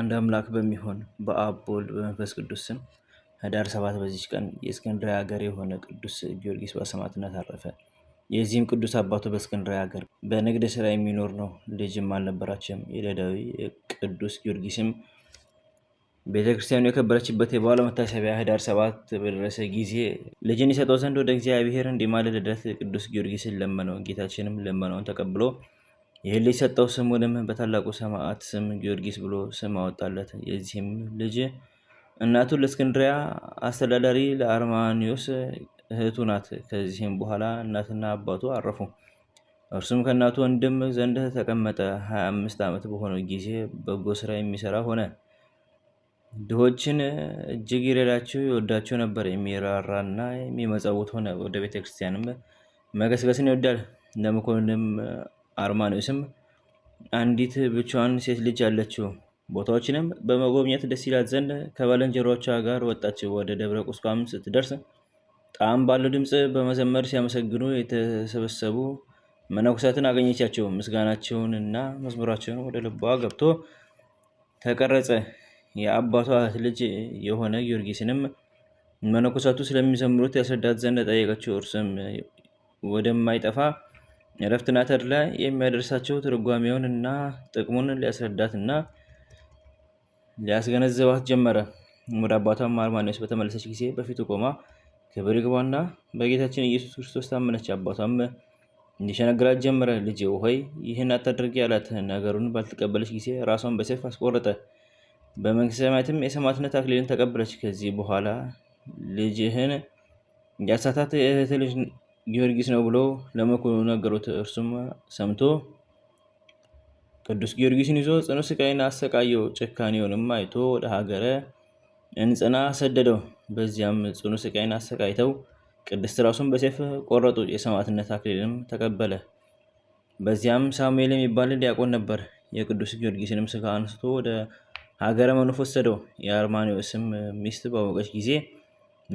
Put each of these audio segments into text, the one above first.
አንድ አምላክ በሚሆን በአብ በወልድ በመንፈስ ቅዱስ ስም ህዳር ሰባት በዚች ቀን የእስክንድርያ ሀገር የሆነ ቅዱስ ጊዮርጊስ በሰማዕትነት አረፈ። የዚህም ቅዱስ አባቱ በእስክንድርያ ሀገር በንግድ ስራ የሚኖር ነው። ልጅም አልነበራቸውም። የደዳዊ ቅዱስ ጊዮርጊስም ቤተክርስቲያኑ የከበረችበት የበዓሉ መታሰቢያ ህዳር ሰባት በደረሰ ጊዜ ልጅን ይሰጠው ዘንድ ወደ እግዚአብሔር እንዲማልድ ቅዱስ ጊዮርጊስን ለመነው። ጌታችንም ለመነውን ተቀብሎ ይህን ልጅ ሰጠው። ስሙንም በታላቁ ሰማዕት ስም ጊዮርጊስ ብሎ ስም አወጣለት። የዚህም ልጅ እናቱ ለእስክንድሪያ አስተዳዳሪ ለአርማኒዮስ እህቱ ናት። ከዚህም በኋላ እናትና አባቱ አረፉ። እርሱም ከእናቱ ወንድም ዘንድ ተቀመጠ። 25 አምስት ዓመት በሆነው ጊዜ በጎ ስራ የሚሰራ ሆነ። ድሆችን እጅግ ይረዳቸው ይወዳቸው ነበር። የሚራራና የሚመጸውት ሆነ። ወደ ቤተ ክርስቲያንም መገስገስን ይወዳል። ለመኮንንም ስም! አንዲት ብቻዋን ሴት ልጅ አለችው። ቦታዎችንም በመጎብኘት ደስ ይላት ዘንድ ከባለንጀሮቿ ጋር ወጣች። ወደ ደብረ ቁስቋም ስትደርስ ጣዕም ባለው ድምፅ በመዘመር ሲያመሰግኑ የተሰበሰቡ መነኮሳትን አገኘቻቸው። ምስጋናቸውን እና መዝሙራቸውን ወደ ልቧ ገብቶ ተቀረጸ። የአባቷ ልጅ የሆነ ጊዮርጊስንም መነኮሳቱ ስለሚዘምሩት ያስረዳት ዘንድ ጠየቀችው። እርስም ወደማይጠፋ ዕረፍትና ተድላ የሚያደርሳቸው ትርጓሜውን እና ጥቅሙን ሊያስረዳት እና ሊያስገነዘባት ጀመረ። ወደ አባቷም አርማንዮስ በተመለሰች ጊዜ በፊቱ ቆማ ክብር ይግባውና በጌታችን ኢየሱስ ክርስቶስ ታመነች። አባቷም እንዲሸነግራት ጀመረ። ልጄ ሆይ ይህን አታድርጊ አላት። ነገሩን ባልተቀበለች ጊዜ ራሷን በሰይፍ አስቆረጠ። በመንግስተ ሰማያትም የሰማዕትነት አክሊልን ተቀበለች። ከዚህ በኋላ ልጅህን ያሳታት ልጅ ጊዮርጊስ ነው ብለው ለመኮንኑ ነገሩት። እርሱም ሰምቶ ቅዱስ ጊዮርጊስን ይዞ ጽኑ ስቃይን አሰቃየው። ጭካኔውንም አይቶ ወደ ሀገረ እንጽና ሰደደው። በዚያም ጽኑ ስቃይን አሰቃይተው ቅድስት ራሱን በሴፍ ቆረጡ። የሰማዕትነት አክሊልም ተቀበለ። በዚያም ሳሙኤል የሚባል ዲያቆን ነበር። የቅዱስ ጊዮርጊስንም ስጋ አንስቶ ወደ ሀገረ መኖፍ ወሰደው። የአርማኒዎስም ሚስት ባወቀች ጊዜ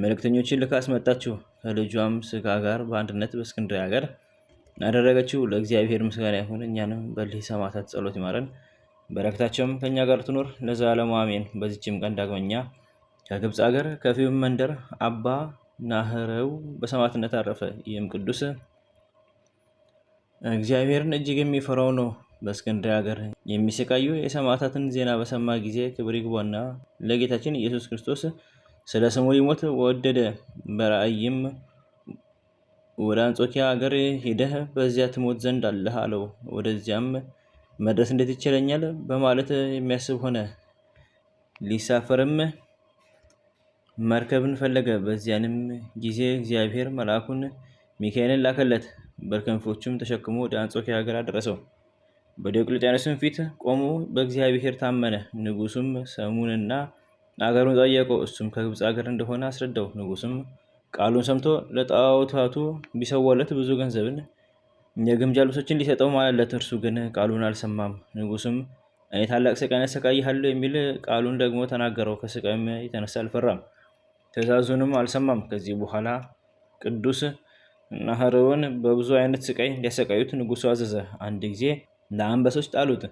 መልእክተኞችን ልካ አስመጣችው። ከልጇም ስጋ ጋር በአንድነት በእስክንድርያ ሀገር ያደረገችው ለእግዚአብሔር ምስጋና ይሁን። እኛንም በሊህ ሰማዕታት ጸሎት ይማረን፣ በረከታቸውም ከእኛ ጋር ትኖር ለዘላለሙ አሜን። በዚችም ቀን ዳግመኛ ከግብፅ ሀገር ከፊውም መንደር አባ ናህረው በሰማዕትነት አረፈ። ይህም ቅዱስ እግዚአብሔርን እጅግ የሚፈራው ነው። በእስክንድርያ ሀገር የሚሰቃዩ የሰማዕታትን ዜና በሰማ ጊዜ ክብር ይግባውና ለጌታችን ኢየሱስ ክርስቶስ ስለ ስሙ ሊሞት ወደደ። በራእይም ወደ አንጾኪያ ሀገር ሄደህ በዚያ ትሞት ዘንድ አለህ አለው። ወደዚያም መድረስ እንዴት ይችለኛል በማለት የሚያስብ ሆነ። ሊሳፈርም መርከብን ፈለገ። በዚያንም ጊዜ እግዚአብሔር መልአኩን ሚካኤልን ላከለት። በክንፎቹም ተሸክሞ ወደ አንጾኪያ ሀገር አደረሰው። በዲዮቅልጥያኖስም ፊት ቆሞ በእግዚአብሔር ታመነ። ንጉሱም ሰሙንና አገሩን ጠየቀው። እሱም ከግብፅ አገር እንደሆነ አስረዳው። ንጉስም ቃሉን ሰምቶ ለጣዖታቱ ቢሰዋለት ብዙ ገንዘብን፣ የግምጃ ልብሶችን ሊሰጠው ማለለት። እርሱ ግን ቃሉን አልሰማም። ንጉስም እኔ ታላቅ ስቃይን ያሰቃይሃለሁ የሚል ቃሉን ደግሞ ተናገረው። ከስቃይም የተነሳ አልፈራም፣ ትእዛዙንም አልሰማም። ከዚህ በኋላ ቅዱስ ናህርውን በብዙ አይነት ስቃይ እንዲያሰቃዩት ንጉሱ አዘዘ። አንድ ጊዜ ለአንበሶች ጣሉት።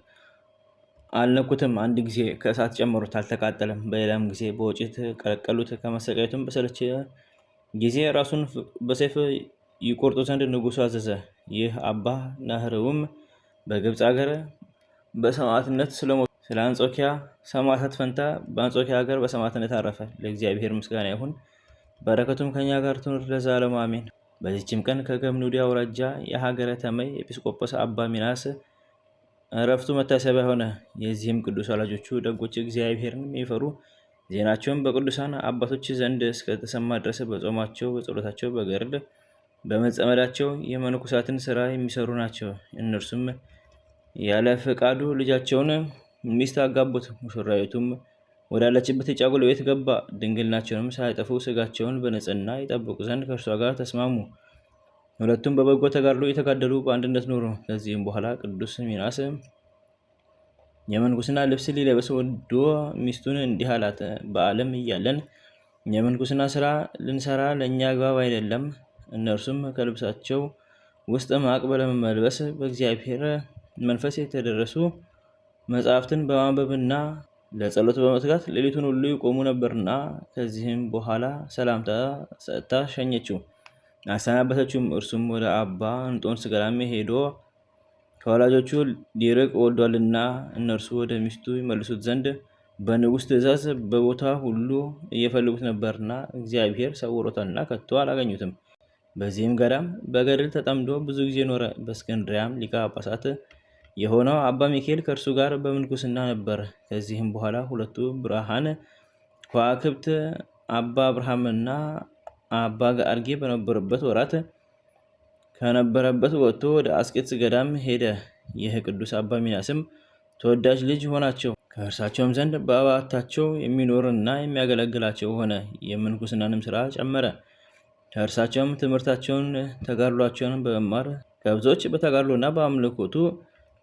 አልነኩትም። አንድ ጊዜ ከእሳት ጨምሩት አልተቃጠለም። በሌላም ጊዜ በወጪት ቀለቀሉት። ከመሰቃየቱም በሰለች ጊዜ ራሱን በሰይፍ ይቆርጡ ዘንድ ንጉሱ አዘዘ። ይህ አባ ናህርውም በግብፅ ሀገር በሰማዕትነት ስለሞ ስለ አንጾኪያ ሰማዕታት ፈንታ በአንጾኪያ ሀገር በሰማዕትነት አረፈ። ለእግዚአብሔር ምስጋና ይሁን፣ በረከቱም ከኛ ጋር ትኑር ለዘላለሙ አሜን። በዚችም ቀን ከገምኑዲ አውራጃ የሀገረ ተመይ ኤጲስቆጶስ አባ ሚናስ እረፍቱ መታሰቢያ ሆነ። የዚህም ቅዱስ ወላጆቹ ደጎች፣ እግዚአብሔርን የሚፈሩ ዜናቸውን በቅዱሳን አባቶች ዘንድ እስከተሰማ ድረስ በጾማቸው፣ በጸሎታቸው፣ በገርድ በመጸመዳቸው የመነኮሳትን ስራ የሚሰሩ ናቸው። እነርሱም ያለ ፈቃዱ ልጃቸውን ሚስት አጋቡት። ሙሽራይቱም ወዳለችበት የጫጉል ቤት ገባ። ድንግልናቸውንም ሳያጠፉ ስጋቸውን በንጽህና ይጠብቁ ዘንድ ከእርሷ ጋር ተስማሙ። ሁለቱም በበጎ ተጋድሎ የተጋደሉ በአንድነት ኖሩ። ከዚህም በኋላ ቅዱስ ሚናስም የመንኩስና ልብስ ሊለበስ ወዶ ሚስቱን እንዲህ አላት፣ በዓለም እያለን የመንኩስና ስራ ልንሰራ ለእኛ አግባብ አይደለም። እነርሱም ከልብሳቸው ውስጥ ማቅ በለመልበስ በእግዚአብሔር መንፈስ የተደረሱ መጽሐፍትን በማንበብና ለጸሎት በመትጋት ሌሊቱን ሁሉ ይቆሙ ነበርና። ከዚህም በኋላ ሰላምታ ሰጥታ ሸኘችው። አሰናበተችውም። እርሱም ወደ አባ እንጦንስ ገዳም ሄዶ ከወላጆቹ ሊርቅ ወዷልና እነርሱ ወደ ሚስቱ ይመልሱት ዘንድ በንጉሥ ትእዛዝ በቦታ ሁሉ እየፈለጉት ነበርና እግዚአብሔር ሰውሮታልና ከቶ አላገኙትም። በዚህም ገዳም በገድል ተጠምዶ ብዙ ጊዜ ኖረ። በእስክንድሪያም ሊቀ ጳጳሳት የሆነው አባ ሚካኤል ከእርሱ ጋር በምንኩስና ነበር። ከዚህም በኋላ ሁለቱ ብርሃን ከዋክብት አባ አብርሃምና አባ ጋርጌ በነበረበት ወራት ከነበረበት ወጥቶ ወደ አስቄጥስ ገዳም ሄደ። ይህ ቅዱስ አባ ሚናስም ተወዳጅ ልጅ ሆናቸው። ከእርሳቸውም ዘንድ በአባታቸው የሚኖርና የሚያገለግላቸው ሆነ። የምንኩስናንም ስራ ጨመረ። ከእርሳቸውም ትምህርታቸውን፣ ተጋድሏቸውን በመማር ከብዞች በተጋድሎና በአምልኮቱ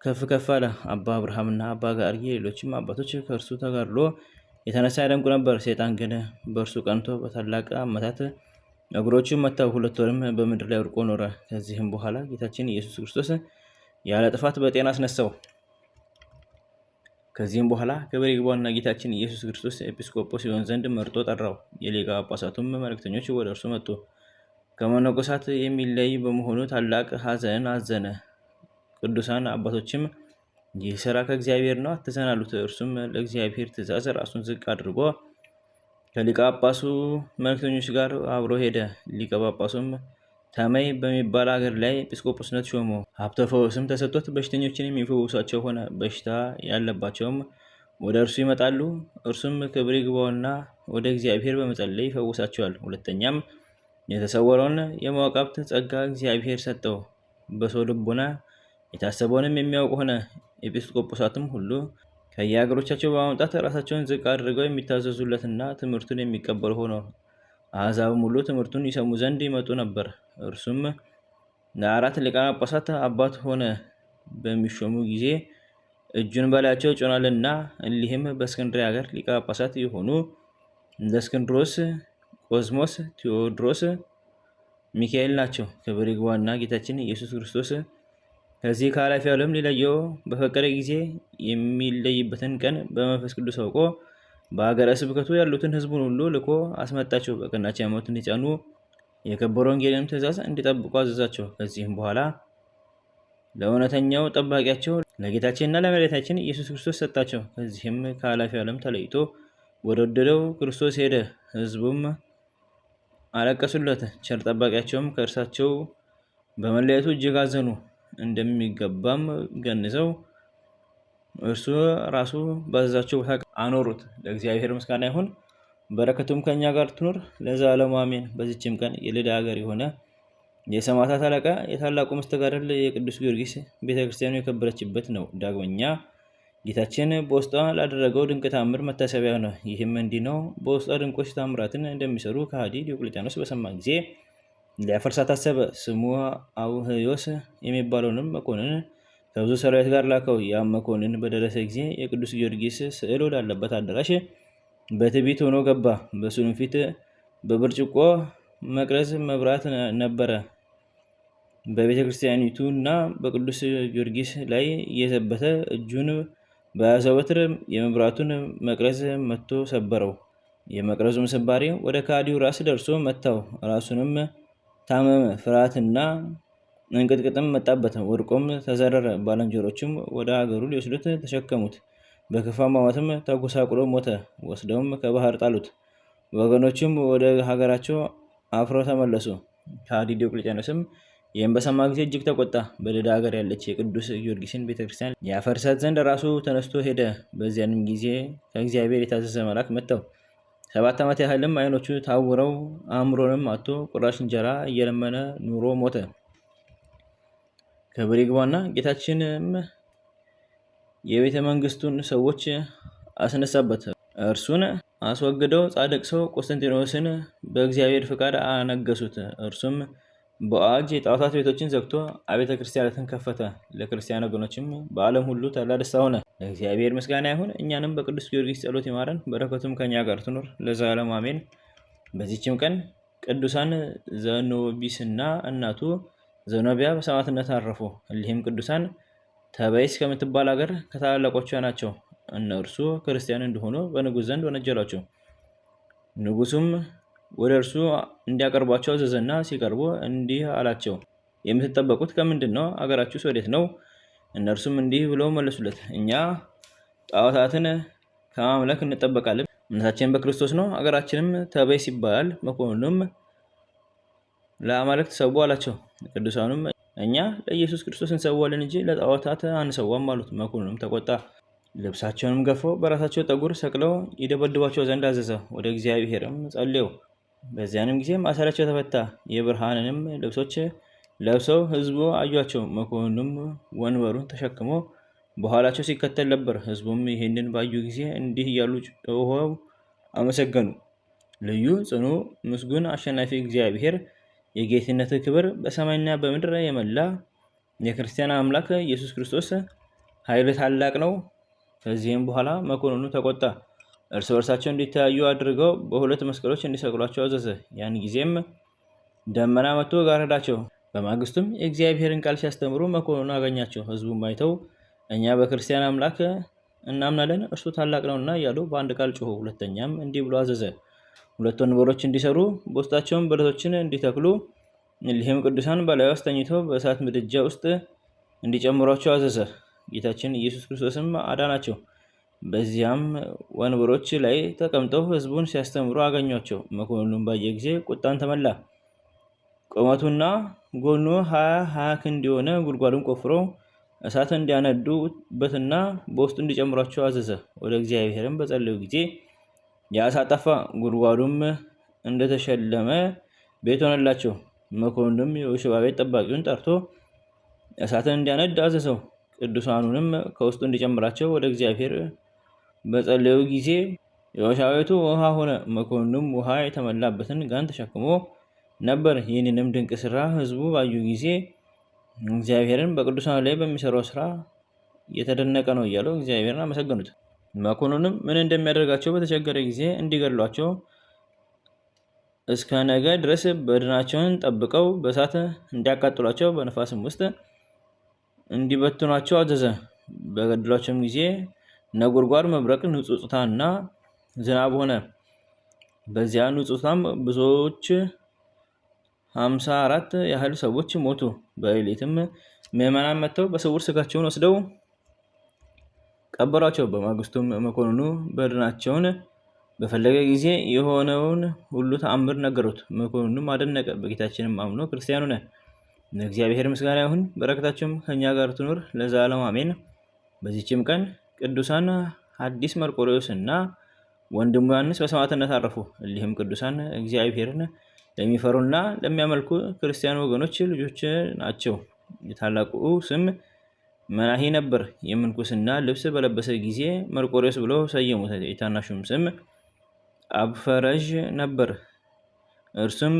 ከፍ ከፍ አለ። አባ አብርሃምና አባ ጋርጌ ሌሎችም አባቶች ከእርሱ ተጋድሎ የተነሳ ያደንቁ ነበር። ሴጣን ግን በእርሱ ቀንቶ በታላቅ አመታት እግሮቹም መታው፣ ሁለት ወርም በምድር ላይ ወድቆ ኖረ። ከዚህም በኋላ ጌታችን ኢየሱስ ክርስቶስ ያለ ጥፋት በጤና አስነሳው። ከዚህም በኋላ ክብር ይግባውና ጌታችን ኢየሱስ ክርስቶስ ኤጲስቆጶስ ሲሆን ዘንድ መርጦ ጠራው። የሊቀ ጳጳሳቱም መልእክተኞች ወደ እርሱ መጡ። ከመነኮሳት የሚለይ በመሆኑ ታላቅ ሐዘን አዘነ። ቅዱሳን አባቶችም ይህ ስራ ከእግዚአብሔር ነው አትዘን አሉት። እርሱም ለእግዚአብሔር ትእዛዝ ራሱን ዝቅ አድርጎ ከሊቀ ጳጳሱ መልክተኞች ጋር አብሮ ሄደ። ሊቀ ጳጳሱም ተመይ በሚባል ሀገር ላይ ኤጲስቆጶስነት ሾሞ ሀብተ ፈውስም ተሰጥቶት በሽተኞችን የሚፈውሳቸው ሆነ። በሽታ ያለባቸውም ወደ እርሱ ይመጣሉ። እርሱም ክብር ይግባውና ወደ እግዚአብሔር በመጸለይ ይፈውሳቸዋል። ሁለተኛም የተሰወረውን የማወቅ ሀብት ጸጋ እግዚአብሔር ሰጠው። በሰው ልቦና የታሰበውንም የሚያውቅ ሆነ። ኤጲስቆጶሳትም ሁሉ ከየሀገሮቻቸው በማምጣት ራሳቸውን ዝቅ አድርገው የሚታዘዙለትና ትምህርቱን የሚቀበሉ ሆነው አዛብም ሁሉ ትምህርቱን ይሰሙ ዘንድ ይመጡ ነበር። እርሱም ለአራት ሊቃነ ጳጳሳት አባት ሆነ። በሚሾሙ ጊዜ እጁን በላያቸው ጭኗልና። እሊህም በእስክንድርያ ሀገር ሊቀ ጳጳሳት የሆኑ እንደ እስክንድሮስ፣ ቆዝሞስ፣ ቴዎድሮስ፣ ሚካኤል ናቸው። ክብር ይግባውና ጌታችን ኢየሱስ ክርስቶስ ከዚህ ከኃላፊ ዓለም ሊለየው በፈቀደ ጊዜ የሚለይበትን ቀን በመንፈስ ቅዱስ አውቆ በሀገረ ስብከቱ ያሉትን ህዝቡን ሁሉ ልኮ አስመጣቸው። በቀናች ሃይማኖት እንዲጸኑ የከበረ ወንጌልንም ትእዛዝ እንዲጠብቁ አዘዛቸው። ከዚህም በኋላ ለእውነተኛው ጠባቂያቸው ለጌታችንና ለመሬታችን ኢየሱስ ክርስቶስ ሰጣቸው። ከዚህም ከኃላፊ ዓለም ተለይቶ ወደ ወደደው ክርስቶስ ሄደ። ህዝቡም አለቀሱለት። ቸር ጠባቂያቸውም ከእርሳቸው በመለየቱ እጅግ አዘኑ። እንደሚገባም ገንዘው እርሱ ራሱ ባዘዛቸው ቦታ አኖሩት። ለእግዚአብሔር ምስጋና ይሁን፣ በረከቱም ከእኛ ጋር ትኑር ለዘላለሙ አሜን። በዚችም ቀን የልዳ ሀገር የሆነ የሰማዕታት አለቃ የታላቁ መስተጋደል የቅዱስ ጊዮርጊስ ቤተክርስቲያኑ የከበረችበት ነው። ዳግመኛ ጌታችን በውስጧ ላደረገው ድንቅ ታምር መታሰቢያ ነው። ይህም እንዲህ ነው። በውስጧ ድንቆች ታምራትን እንደሚሰሩ ከሃዲ ዲዮቅልጥያኖስ በሰማ ጊዜ ሊያፈርሳ ታሰበ። ስሙ አውህዮስ የሚባለውንም መኮንን ከብዙ ሰራዊት ጋር ላከው። ያም መኮንን በደረሰ ጊዜ የቅዱስ ጊዮርጊስ ስዕል ወዳለበት አዳራሽ በትቢት ሆኖ ገባ። በሱንም ፊት በብርጭቆ መቅረዝ መብራት ነበረ። በቤተ ክርስቲያኒቱ እና በቅዱስ ጊዮርጊስ ላይ እየዘበተ እጁን በያዘው በትር የመብራቱን መቅረዝ መጥቶ ሰበረው። የመቅረዙም ስባሪ ወደ ካዲው ራስ ደርሶ መታው። ራሱንም ታመመ፣ ፍርሃትና እንቅጥቅጥም መጣበት፣ ወድቆም ተዘረረ። ባለንጀሮችም ወደ ሀገሩ ሊወስዱት ተሸከሙት፣ በክፋ አሟሟትም ተጎሳቁሎ ሞተ። ወስደውም ከባህር ጣሉት። ወገኖችም ወደ ሀገራቸው አፍረው ተመለሱ። ከሃዲ ዲዮቅልጥያኖስም ይህም በሰማ ጊዜ እጅግ ተቆጣ። በልዳ ሀገር ያለች የቅዱስ ጊዮርጊስን ቤተክርስቲያን ያፈርሳት ዘንድ ራሱ ተነስቶ ሄደ። በዚያንም ጊዜ ከእግዚአብሔር የታዘዘ መልአክ መጥተው ሰባት ዓመት ያህልም አይኖቹ ታውረው አእምሮንም አቶ ቁራሽ እንጀራ እየለመነ ኑሮ ሞተ። ክብር ይግባውና ጌታችንም የቤተ መንግስቱን ሰዎች አስነሳበት። እርሱን አስወግደው ጻድቅ ሰው ቆስጠንጢኖስን በእግዚአብሔር ፍቃድ አነገሱት። እርሱም በአዋጅ የጣዖታት ቤቶችን ዘግቶ አቤተ ክርስቲያናትን ከፈተ። ለክርስቲያን ወገኖችም በዓለም ሁሉ ታላቅ ደስታ ሆነ። ለእግዚአብሔር ምስጋና ይሁን። እኛንም በቅዱስ ጊዮርጊስ ጸሎት ይማረን፣ በረከቱም ከኛ ጋር ትኖር ለዘላለሙ አሜን። በዚችም ቀን ቅዱሳን ዘኖቢስና እናቱ ዘኖቢያ በሰማዕትነት አረፉ። እሊህም ቅዱሳን ተበይስ ከምትባል ሀገር ከታላላቆቿ ናቸው። እነርሱ ክርስቲያን እንደሆኑ በንጉሥ ዘንድ ወነጀሏቸው። ንጉሱም ወደ እርሱ እንዲያቀርቧቸው አዘዘና ሲቀርቡ እንዲህ አላቸው፣ የምትጠበቁት ከምንድን ነው? አገራችሁስ ወዴት ነው? እነርሱም እንዲህ ብለው መለሱለት፣ እኛ ጣዖታትን ከማምለክ እንጠበቃለን፣ እምነታችንም በክርስቶስ ነው። አገራችንም ተበይ ይባላል። መኮንኑም ለአማልክት ትሰቡ አላቸው። ቅዱሳኑም እኛ ለኢየሱስ ክርስቶስ እንሰዋለን እንጂ ለጣዖታት አንሰዋም አሉት። መኮንኑም ተቆጣ። ልብሳቸውንም ገፎ በራሳቸው ጠጉር ሰቅለው ይደበድቧቸው ዘንድ አዘዘ። ወደ እግዚአብሔርም ጸለዩ። በዚያንም ጊዜ ማሰሪያቸው ተፈታ። የብርሃንንም ልብሶች ለብሰው ህዝቡ አዩቸው። መኮንኑም ወንበሩን ተሸክሞ በኋላቸው ሲከተል ነበር። ህዝቡም ይህንን ባዩ ጊዜ እንዲህ እያሉ ጮኸው አመሰገኑ። ልዩ ጽኑ ምስጉን አሸናፊ እግዚአብሔር የጌትነት ክብር በሰማይና በምድር የመላ የክርስቲያን አምላክ ኢየሱስ ክርስቶስ ኃይል ታላቅ ነው። ከዚህም በኋላ መኮንኑ ተቆጣ። እርስ በርሳቸው እንዲተያዩ አድርገው በሁለት መስቀሎች እንዲሰቅሏቸው አዘዘ። ያን ጊዜም ደመና መጥቶ ጋረዳቸው። በማግስቱም የእግዚአብሔርን ቃል ሲያስተምሩ መኮንኑ አገኛቸው። ህዝቡም አይተው እኛ በክርስቲያን አምላክ እናምናለን፣ እርሱ ታላቅ ነውና እያሉ በአንድ ቃል ጮሁ። ሁለተኛም እንዲህ ብሎ አዘዘ፣ ሁለት ወንበሮች እንዲሰሩ በውስጣቸውም በረቶችን እንዲተክሉ እሊህም ቅዱሳን በላዩ አስተኝተው በእሳት ምድጃ ውስጥ እንዲጨምሯቸው አዘዘ። ጌታችን ኢየሱስ ክርስቶስም አዳናቸው። በዚያም ወንበሮች ላይ ተቀምጠው ህዝቡን ሲያስተምሩ አገኟቸው። መኮንኑም ባየ ጊዜ ቁጣን ተመላ። ቁመቱና ጎኑ ሀያ ሀያ ክንድ የሆነ ጉድጓዱን ቆፍሮ እሳት እንዲያነዱበትና በውስጡ እንዲጨምሯቸው አዘዘ። ወደ እግዚአብሔርም በጸለዩ ጊዜ የእሳት ጠፋ፣ ጉድጓዱም እንደተሸለመ ቤት ሆነላቸው። መኮንኑም የውሽባ ቤት ጠባቂውን ጠርቶ እሳትን እንዲያነድ አዘዘው። ቅዱሳኑንም ከውስጡ እንዲጨምራቸው ወደ እግዚአብሔር በጸለዩ ጊዜ የወሻዊቱ ውሃ ሆነ። መኮንኑም ውሃ የተመላበትን ጋን ተሸክሞ ነበር። ይህንንም ድንቅ ስራ ህዝቡ ባዩ ጊዜ እግዚአብሔርን በቅዱሳን ላይ በሚሰራው ስራ የተደነቀ ነው እያለው እግዚአብሔርን አመሰገኑት። መኮንኑም ምን እንደሚያደርጋቸው በተቸገረ ጊዜ እንዲገድሏቸው እስከ ነገ ድረስ በድናቸውን ጠብቀው በእሳት እንዲያቃጥሏቸው በነፋስም ውስጥ እንዲበትኗቸው አዘዘ። በገድሏቸውም ጊዜ ነጎድጓድ መብረቅ ንጹጽታና ዝናብ ሆነ። በዚያ ንጹጽታም ብዙዎች ሀምሳ አራት ያህል ሰዎች ሞቱ። በሌሊትም ምዕመናን መጥተው በስውር ስጋቸውን ወስደው ቀበሯቸው። በማግስቱም መኮንኑ በድናቸውን በፈለገ ጊዜ የሆነውን ሁሉ ተአምር ነገሩት። መኮንኑም አደነቀ። በጌታችንም አምኖ ክርስቲያኑ ነ። ለእግዚአብሔር ምስጋና ይሁን፣ በረከታቸውም ከእኛ ጋር ትኑር ለዘላለም አሜን። በዚችም ቀን ቅዱሳን ሐዲስ መርቆሬዎስ እና ወንድሙ ዮሐንስ በሰማዕትነት አረፉ። እሊህም ቅዱሳን እግዚአብሔርን ለሚፈሩና ለሚያመልኩ ክርስቲያን ወገኖች ልጆች ናቸው። የታላቁ ስም መናሄ ነበር። የምንኩስና ልብስ በለበሰ ጊዜ መርቆሬዎስ ብለው ሰየሙት። የታናሹም ስም አብፈረዥ ነበር። እርሱም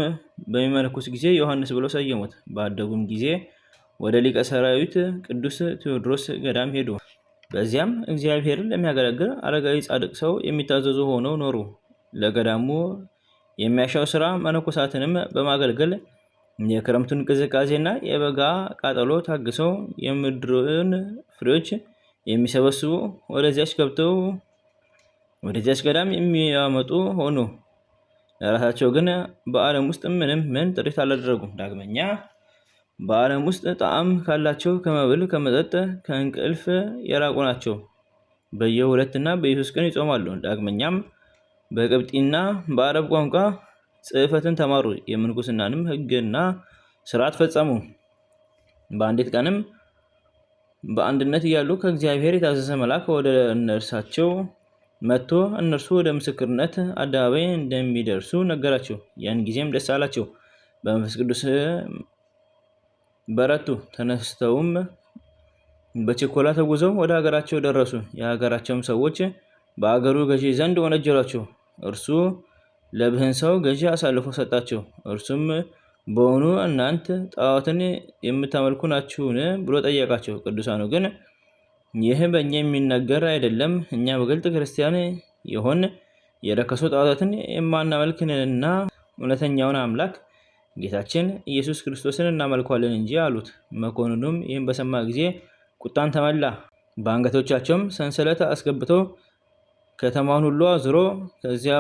በሚመለኩስ ጊዜ ዮሐንስ ብለው ሰየሙት። ባደጉም ጊዜ ወደ ሊቀ ሰራዊት ቅዱስ ቴዎድሮስ ገዳም ሄዱ። በዚያም እግዚአብሔርን ለሚያገለግል አረጋዊ ጻድቅ ሰው የሚታዘዙ ሆነው ኖሩ። ለገዳሙ የሚያሻው ስራ መነኮሳትንም በማገልገል የክረምቱን ቅዝቃዜና የበጋ ቃጠሎ ታግሰው የምድርን ፍሬዎች የሚሰበስቡ ወደዚያች ገብተው ወደዚያች ገዳም የሚያመጡ ሆኑ። ለራሳቸው ግን በዓለም ውስጥ ምንም ምን ጥሪት አላደረጉም። ዳግመኛ በዓለም ውስጥ ጣዕም ካላቸው ከመብል፣ ከመጠጥ፣ ከእንቅልፍ የራቁ ናቸው። በየሁለትና በየሶስት ቀን ይጾማሉ። ዳግመኛም በቅብጢና በአረብ ቋንቋ ጽሕፈትን ተማሩ። የምንኩስናንም ሕግና ስርዓት ፈጸሙ። በአንዲት ቀንም በአንድነት እያሉ ከእግዚአብሔር የታዘዘ መልአክ ወደ እነርሳቸው መጥቶ እነርሱ ወደ ምስክርነት አደባባይ እንደሚደርሱ ነገራቸው። ያን ጊዜም ደስ አላቸው። በመንፈስ ቅዱስ በረቱ። ተነስተውም በችኮላ ተጉዘው ወደ ሀገራቸው ደረሱ። የሀገራቸውም ሰዎች በአገሩ ገዢ ዘንድ ወነጀሏቸው። እርሱ ለብህን ሰው ገዢ አሳልፎ ሰጣቸው። እርሱም በሆኑ እናንት ጣዖትን የምታመልኩ ናችሁን ብሎ ጠየቃቸው። ቅዱሳኑ ግን ይህ በእኛ የሚነገር አይደለም፣ እኛ በግልጥ ክርስቲያን የሆን የረከሱ ጣዖታትን የማናመልክንና እውነተኛውን አምላክ ጌታችን ኢየሱስ ክርስቶስን እናመልኳለን እንጂ አሉት። መኮንኑም ይህን በሰማ ጊዜ ቁጣን ተመላ። በአንገቶቻቸውም ሰንሰለት አስገብተው ከተማውን ሁሉ አዙሮ ከዚያ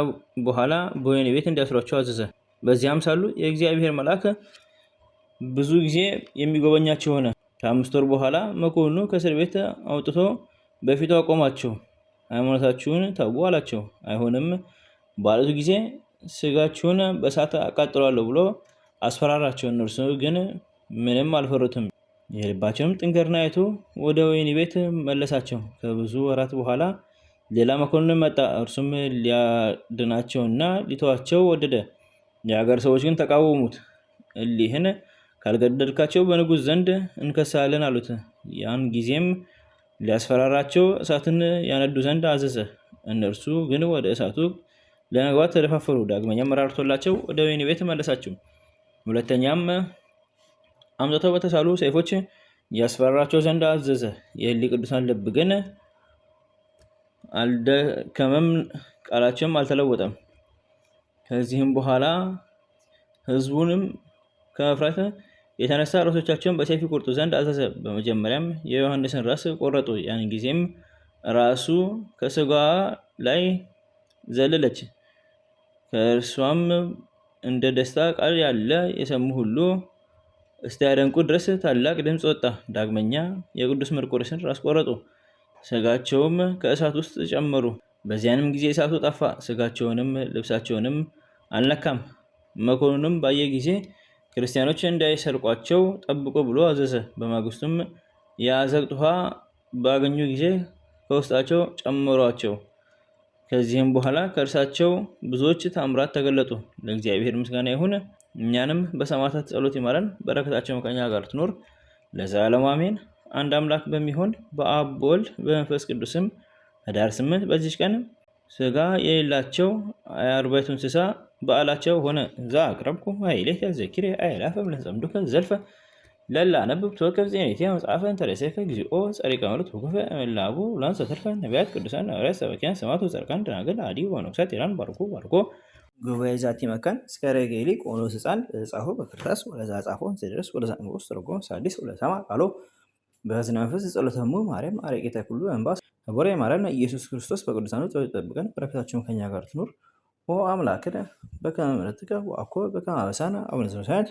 በኋላ በወህኒ ቤት እንዲያስሯቸው አዘዘ። በዚያም ሳሉ የእግዚአብሔር መልአክ ብዙ ጊዜ የሚጎበኛቸው ሆነ። ከአምስት ወር በኋላ መኮንኑ ከእስር ቤት አውጥቶ በፊቱ አቆማቸው። ሃይማኖታችሁን ተዉ አላቸው። አይሆንም ባሉት ጊዜ ስጋችሁን በእሳት አቃጥሏለሁ ብሎ አስፈራራቸው። እነርሱ ግን ምንም አልፈሩትም። የልባቸውም ጥንከርና አይቶ ወደ ወይኒ ቤት መለሳቸው። ከብዙ ወራት በኋላ ሌላ መኮንን መጣ። እርሱም ሊያድናቸውና ሊተዋቸው ወደደ። የሀገር ሰዎች ግን ተቃወሙት። እሊህን ካልገደልካቸው በንጉሥ ዘንድ እንከሳለን አሉት። ያን ጊዜም ሊያስፈራራቸው እሳትን ያነዱ ዘንድ አዘዘ። እነርሱ ግን ወደ እሳቱ ለመግባት ተደፋፈሩ። ዳግመኛም መራርቶላቸው ወደ ወይኒ ቤት መለሳቸው። ሁለተኛም አምጥተው በተሳሉ ሰይፎች ያስፈራቸው ዘንድ አዘዘ። የህሊ ቅዱሳን ልብ ግን አልደከመም፣ ቃላቸውም አልተለወጠም። ከዚህም በኋላ ህዝቡንም ከመፍራት የተነሳ ራሶቻቸውን በሰይፍ ቁርጡ ዘንድ አዘዘ። በመጀመሪያም የዮሐንስን ራስ ቆረጡ። ያን ጊዜም ራሱ ከስጋዋ ላይ ዘለለች፣ ከእርሷም እንደ ደስታ ቃል ያለ የሰሙ ሁሉ እስቲያደንቁ ድረስ ታላቅ ድምፅ ወጣ። ዳግመኛ የቅዱስ መርቆሬዎስን ራስ ቆረጡ፣ ስጋቸውም ከእሳት ውስጥ ጨመሩ። በዚያንም ጊዜ እሳቱ ጠፋ፣ ስጋቸውንም ልብሳቸውንም አልነካም። መኮንኑም ባየ ጊዜ ክርስቲያኖች እንዳይሰርቋቸው ጠብቆ ብሎ አዘዘ። በማግስቱም የአዘቅት ውሃ ባገኙ ጊዜ ከውስጣቸው ጨምሯቸው። ከዚህም በኋላ ከእርሳቸው ብዙዎች ታምራት ተገለጡ። ለእግዚአብሔር ምስጋና ይሁን፣ እኛንም በሰማዕታት ጸሎት ይማረን፣ በረከታቸው ከእኛ ጋር ትኖር ለዘላለሙ አሜን። አንድ አምላክ በሚሆን በአብ በመንፈስ ቅዱስም ህዳር ስምንት በዚች ቀን ስጋ የሌላቸው አርባዕቱ እንስሳ በዓላቸው ሆነ። ዛ አቅረብኩ ኃይሌ ተዘኪሬ አይላፈም ለዘምዱከ ዘልፈ ለላ ነብብ ለላነብብቶ ከብዜን ኢትያ መጽሐፈን ተረሴፈ ግዚኦ ጸሪቀ መሎት ወከፈ እምላቡ ላንሰ ተርፈ ነቢያት ቅዱሳን ሐዋርያት ሰበኪያን ሰማቱ ጸድቃን ደናግል አዲ ወነኩሳት ኢራን ባርኮ ባርኮ ጉባኤ ዛቲ መካን እስከረገ ይልቅ ቆኖስ ሕፃን ጻፎ በክርታስ ወለዛ ጻፎ ዘደረስ ወለዛ ንጉስ ተረጎም ሳዲስ ወለሰማ ቃሎ በህዝነ መንፈስ ጸሎተሙ ማርያም አረቄተ ኩሉ እንባስ ቦሬ ማርያምና ኢየሱስ ክርስቶስ በቅዱሳኑ ጸሎት ይጠብቀን። በረከታቸውን ከኛ ጋር ትኑር። ኦ አምላክነ በከመ ምሕረትከ ወአኮ በከመ አበሳነ አቡነ ዘበሰማያት